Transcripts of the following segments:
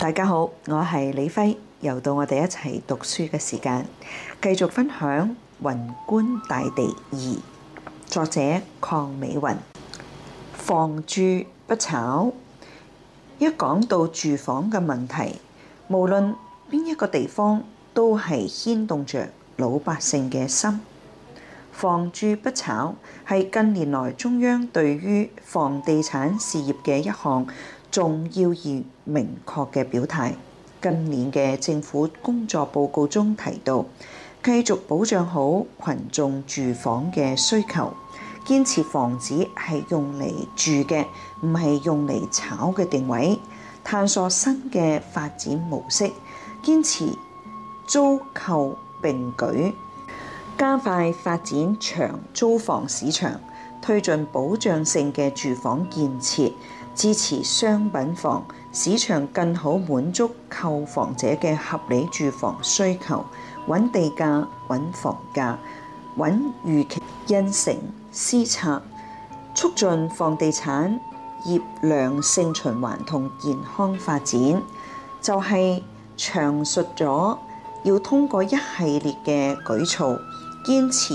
大家好，我係李輝，又到我哋一齊讀書嘅時間，繼續分享《雲觀大地二》，作者鄺美雲。房住不炒，一講到住房嘅問題，無論邊一個地方，都係牽動着老百姓嘅心。房住不炒係近年來中央對於房地產事業嘅一項。重要而明確嘅表態。近年嘅政府工作報告中提到，繼續保障好群眾住房嘅需求，堅持房子係用嚟住嘅，唔係用嚟炒嘅定位，探索新嘅發展模式，堅持租購並舉，加快發展長租房市場，推進保障性嘅住房建設。支持商品房市場更好滿足購房者嘅合理住房需求，穩地價，穩房價，穩預期因城、因城施策，促進房地產業良性循環同健康發展，就係、是、詳述咗要通過一系列嘅舉措，堅持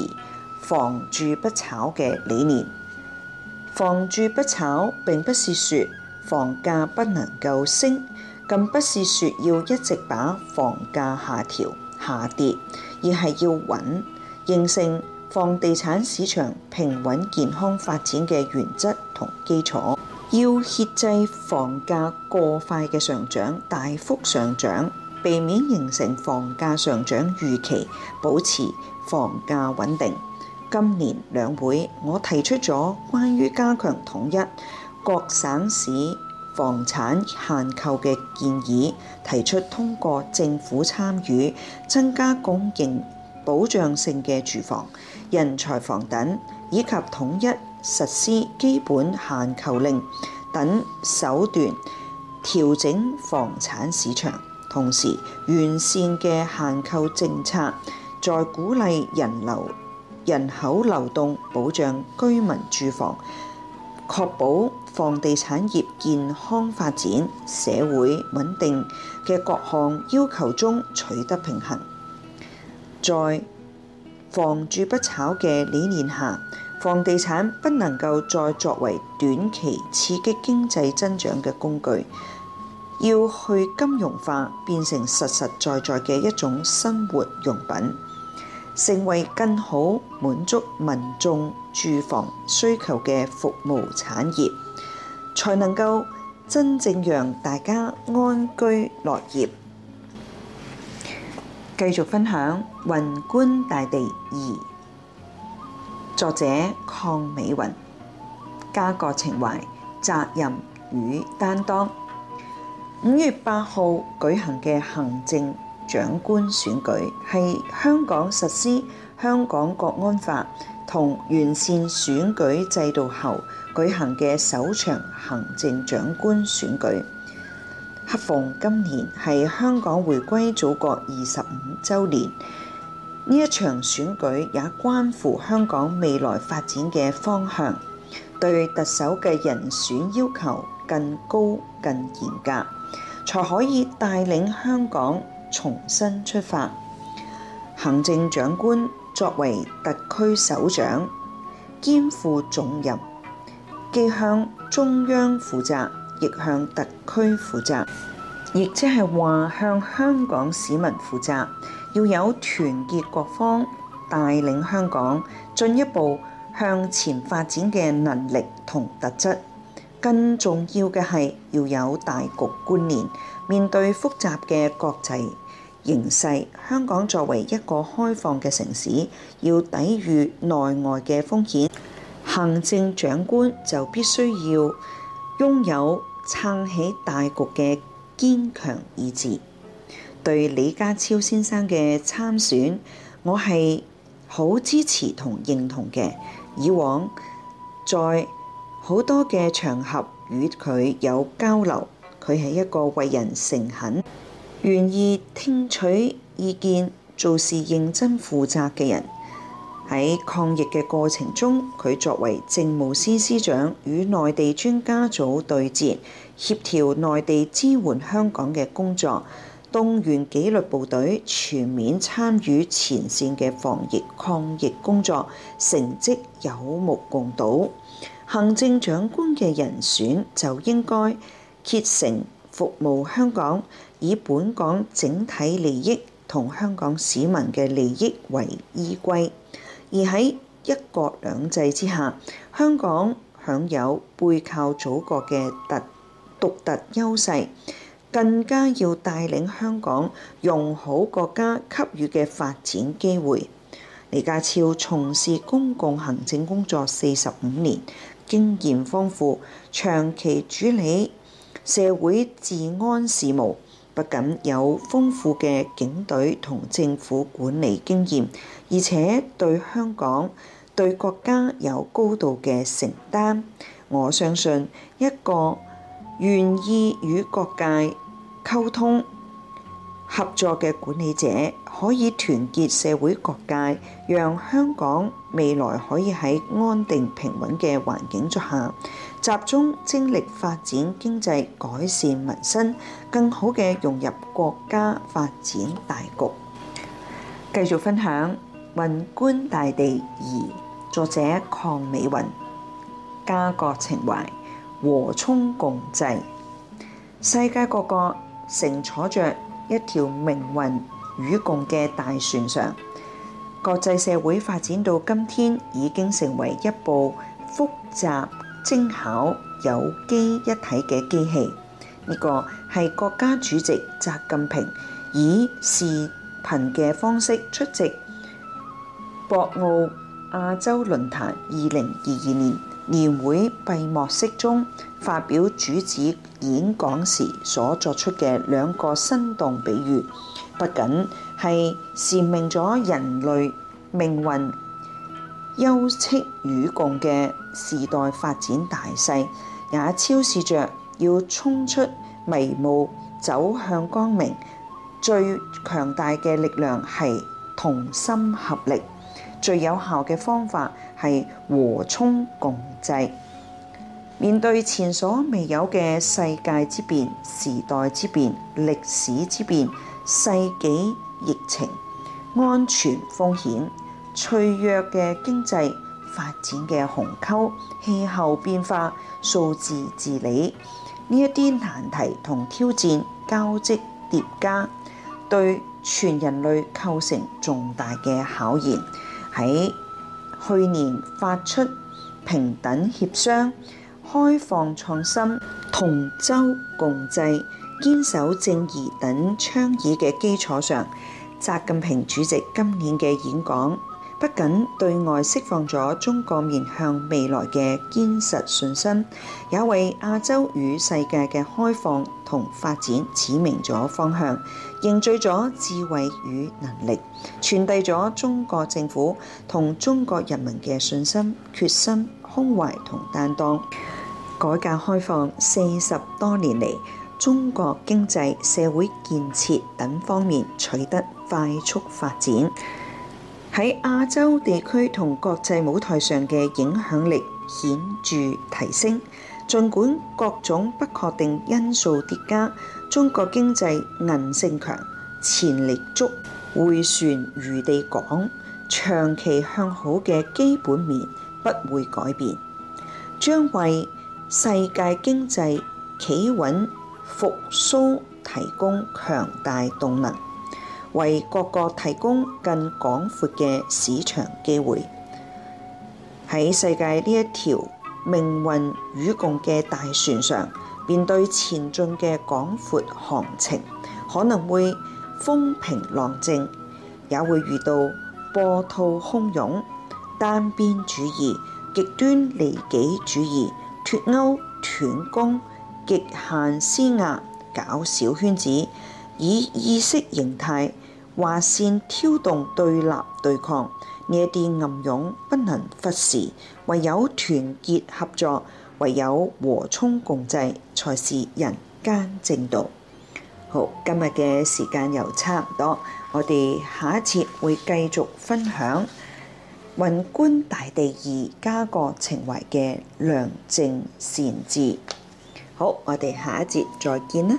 房住不炒嘅理念。房住不炒，並不是說房價不能夠升，更不是說要一直把房價下調、下跌，而係要穩，形成房地產市場平穩健康發展嘅原則同基礎，要遏制房價過快嘅上漲、大幅上漲，避免形成房價上漲預期，保持房價穩定。今年兩會我提出咗關於加強統一各省市房產限購嘅建議，提出通過政府參與增加供應保障性嘅住房、人才房等，以及統一實施基本限購令等手段調整房產市場，同時完善嘅限購政策，在鼓勵人流。人口流動、保障居民住房、確保房地產業健康發展、社會穩定嘅各項要求中取得平衡，在房住不炒嘅理念下，房地產不能夠再作為短期刺激經濟增長嘅工具，要去金融化，變成實實在在嘅一種生活用品。成為更好滿足民眾住房需求嘅服務產業，才能夠真正讓大家安居樂業。繼續分享《雲觀大地二》，作者鄺美雲。家國情懷、責任與擔當。五月八號舉行嘅行政長官選舉係香港實施《香港國安法》同完善選舉制度後舉行嘅首場行政長官選舉。恰逢今年係香港回歸祖國二十五週年，呢一場選舉也關乎香港未來發展嘅方向，對特首嘅人選要求更高、更嚴格，才可以帶領香港。重新出發，行政長官作為特區首長，肩負重任，既向中央負責，亦向特區負責，亦即係話向香港市民負責。要有團結各方、帶領香港進一步向前發展嘅能力同特質，更重要嘅係要有大局觀念，面對複雜嘅國際，形勢，香港作為一個開放嘅城市，要抵禦內外嘅風險，行政長官就必須要擁有撐起大局嘅堅強意志。對李家超先生嘅參選，我係好支持同認同嘅。以往在好多嘅場合與佢有交流，佢係一個為人誠懇、願意聽取意見、做事認真負責嘅人，喺抗疫嘅過程中，佢作為政務司司長，與內地專家組對接，協調內地支援香港嘅工作，動員紀律部隊全面參與前線嘅防疫抗疫工作，成績有目共睹。行政長官嘅人選就應該竭誠服務香港。以本港整體利益同香港市民嘅利益為依歸，而喺一國兩制之下，香港享有背靠祖國嘅特獨特優勢，更加要帶領香港用好國家給予嘅發展機會。李家超從事公共行政工作四十五年，經驗豐富，長期處理社會治安事務。不僅有豐富嘅警隊同政府管理經驗，而且對香港、對國家有高度嘅承擔。我相信一個願意與各界溝通，合作嘅管理者可以團結社會各界，讓香港未來可以喺安定平穩嘅環境之下集中精力發展經濟改善民生，更好嘅融入國家發展大局。繼續分享《雲觀大地》二，作者鄺美雲家國情懷和衷共濟，世界各國乘坐着。一條命運與共嘅大船上，國際社會發展到今天已經成為一部複雜精巧、有機一體嘅機器。呢個係國家主席習近平以視頻嘅方式出席博鰲亞洲論壇二零二二年年會閉幕式中發表主旨演講時所作出嘅兩個生動比喻， 不僅係闡明咗人類命運休戚與共嘅時代發展大勢，也昭示着要衝出迷霧走向光明，最強大嘅力量係同心合力。最有效嘅方法係和衷共濟。面對前所未有嘅世界之變、時代之變、歷史之變、世紀疫情、安全風險、脆弱嘅經濟發展嘅鴻溝、氣候變化、數字治理，呢一啲難題同挑戰交織疊加，對全人類構成重大嘅考驗。喺去年發出平等協商、開放創新、同舟共濟、堅守正義等倡議嘅基礎上，習近平主席今年嘅演講，不僅對外釋放咗中國面向未來嘅堅實信心，也為亞洲與世界嘅開放同發展指明咗方向，凝聚咗智慧與能力，傳遞咗中國政府同中國人民嘅信心、決心、胸懷同擔當。改革開放四十多年嚟，中國經濟、社會建設等方面取得快速發展。喺亞洲地區同國際舞台上嘅影響力顯著提升，儘管各種不確定因素疊加，中國經濟韌性強、潛力足、回旋餘地廣，長期向好嘅基本面不會改變，將為世界經濟企穩復甦提供強大動能。為各國提供更廣闊嘅市場機會。喺世界呢一條命運與共嘅大船上，面對前進嘅廣闊航程，可能會風平浪靜，也會遇到波濤洶湧。單邊主義、極端利己主義、脱歐、斷供、極限施壓、搞小圈子、以意識形態畫線挑動對立對抗呢啲暗湧不能忽視，唯有團結合作，唯有和衷共濟才是人間正道。好，今日嘅時間又差唔多，我哋下一節會繼續分享《雲觀大地二》家國情懷嘅良政善治。好，我哋下一節再見啦。